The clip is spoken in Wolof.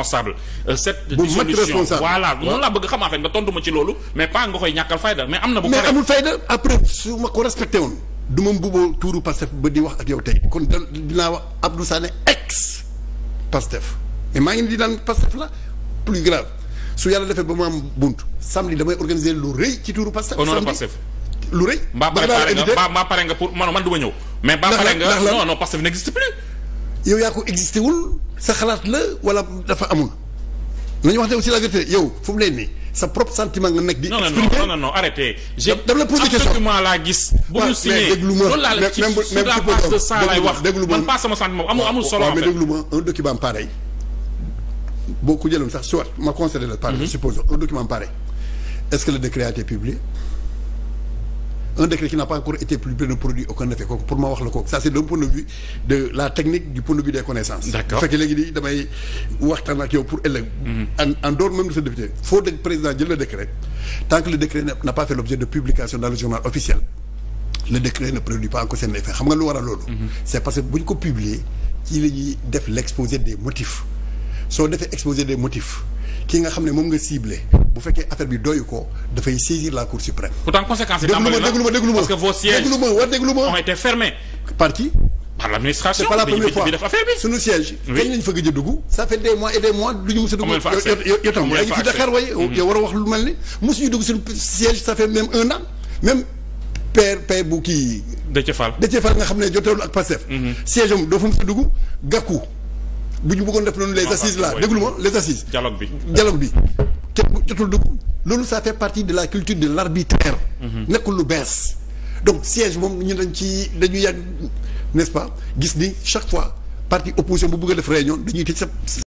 responsable. Euh, cette dissolution voilà noonu laa bëgg xam en nga tontu ma ci loolu mais pas nga koy ñàkkal fayda mais am na. bu mais amul fayda après su ma ko respecté woon du ma mbubboo tuuru Pastef ba di wax ak yow tey kon dinaa wax Abdou ex Pastef mais maa ngi di daan la plus grave su yàlla defee ba mu am bunt samedi damay organiser lu rëy ci tuuru Pastef. samedi lu rëy. mbaa pare nga mbaa pare nga pour man man ñëw. mais mbaa pare nga non non Pastef yow yaa ko existé wul sa xalaat la wala dafa amul nañu wax ne aussi la vérité yow foofu mu nii sa propre sentiment nga nekk di. exprimer non non non arrêtez. j'ai absolument laa gis. bu ah, ñu signé déglu ma loolu laa la ci la base de ça lay wax man pas sama sentiment amul amul solo. en fait déglu ma un document pareil boo ku jëloon sax soit ma considère la pareil. Mhm. supposons un document pareil est-ce que le décret a été publié. un décret qui n'a pas encore été publié ne produit aucun effet kooku pour ma wax la ko ça c'est d'un point de vue de la technique du point de vue des connaissances bu fekkee léegi nii damay waxtaan ak yow pour ëllëg mhm. en en dehors de ce député faut que président jël le décret tant que le décret n'a pas fait l'objet de publication dans journal officiel le décret ne produit pas encore seen effet xam nga lu waral loolu mhm. c'est parce que bu ñu ko publier ci la ñuy def l'exposé des motifs soo defee exposé des motifs ki nga xam ne moom nga ciblé bu fekkee affaire bi doyu ko dafay saisir la cour suprême. déglu ma déglu ma déglu ma déglu ma. ont été fermés. par qui. par l' administration. c'est pas la première fois suñu dugg. ça fait des mois et des mois du ñu mos a dugg. yow yow tam yaa Dakar waaye yow war a wax lu mel ni mosuñu dugg suñu siège ça fait même un an même père père bu kii. Déthié Fall Déthié nga xam ne joteewul ak Pastef. Mm-hmm. siège am doo fa mos a dugg Gakou bu ñu bëggoon def noonu les assises là déglu ma les assises. dialogue bi dialogue bi kenn jotul dugg loolu ça fait partie de la culture de l'arbitraire. Mhm. nekkul lu bees. donc siège moom ñu dañ ci dañuy yàgg n'est-ce pas gis ni chaque fois parti opposition bu bëgg a def réunion dañuy tëj sa.